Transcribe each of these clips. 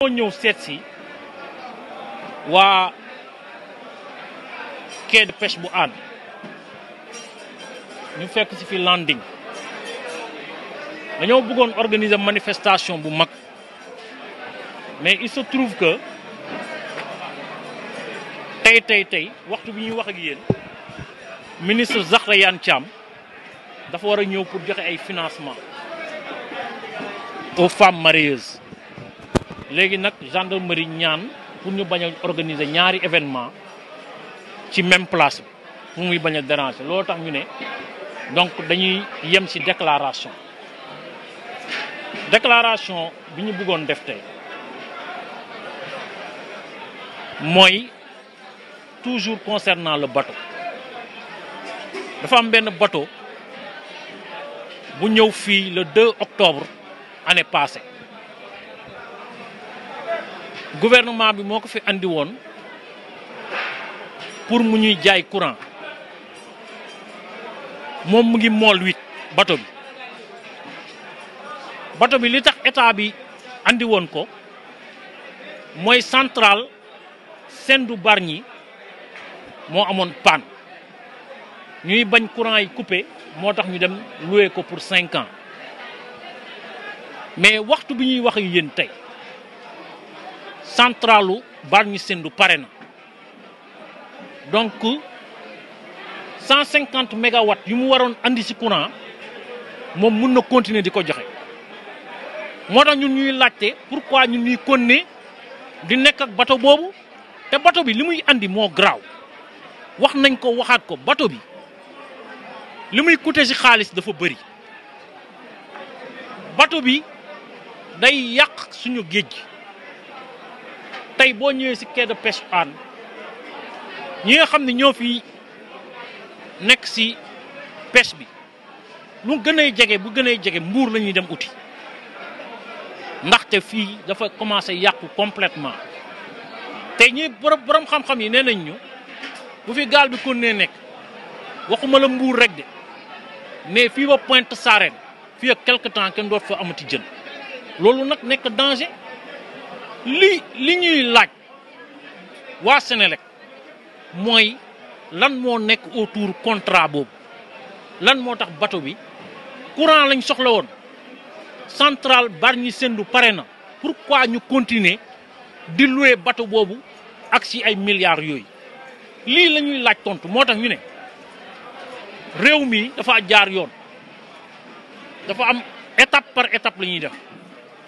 ñoo ñëw seet si waa quai de bu Hann ñu fekk ci fi landing dañoo bëggoon organiser manifestation bu mag mais il se trouve que tey tey tey waxtu bi ñuy wax ak yéen ministre Zahra Iyane Thiam dafa war a ñëw pour joxe ay financement aux femmes marieuses Légui nak gendarmerie ñaan pour organiser ñaari événement ci même place pour déranger donc dañuy yem ci déclaration déclaration bi toujours concernant le bateau dafa bateau bu le 2 octobre année passée gouvernement bi moko fi andi pour muñuy courant mom ngi mol 8 bi bi li tax état bi andi won ko moy centrale sendu mo panne ñuy courant yi coupé motax ñu dem loué pour 5 ans mais waxtu bi ñuy wax centralu Bargny Sendou pare na donc 150 mégawatts yu mu waroon indi si courant moom mën na continuer di ko joxe moo tax ñun ñuy laajte pourquoi ñun ñuy continuer di nekk ak bato boobu te bato bi li muy indi moo garaaw wax nañ ko waxaat ko bato bi li muy coûter ci xaalis dafa bëri bato bi day yàq suñu géej gi tey boo ñëwee si quai de pêche Hann ñi nga xam ne ñoo fi nekk si pêche bi lu gën ay jege bu gën ay jege mbuur la ñuy dem uti ndaxte fii dafa commencé yàqu completement te ñi borom borom xam-xam yi nee nañ ñu bu fi gaal bi kon nee nekk waxuma la mbuur rek de mais fii ba Pointe Sarène fii ak quelque temps kenn doot fa amati jën loolu nag nekk danger lii li ñuy laaj waa Sénélec mooy lan moo nekk autour contrat boobu lan moo tax bateau bi courant lañ soxla woon centrale Bargny Sendou pare na pourquoi ñu continuer di louer bateau boobu ak si ay milliards yooyu lii la ñuy laaj tontu moo tax ñu ne réew mi dafa jaar yoon dafa am étape par étape la ñuy def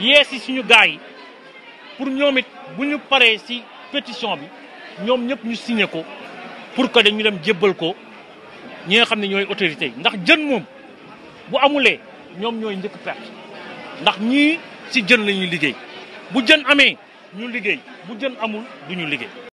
yee si suñu gars yi pour ñoom it bu ñu paree si pétition bi ñoom ñëpp ñu signé ko pour que dañu dem jébbal ko ñi nga xam ne ñooy autorité yi ndax jën moom bu amulee ñoom ñooy njëkk perte ndax ñii si jën la ñuy liggéey bu jën amee ñu liggéey bu jën amul duñu liggéey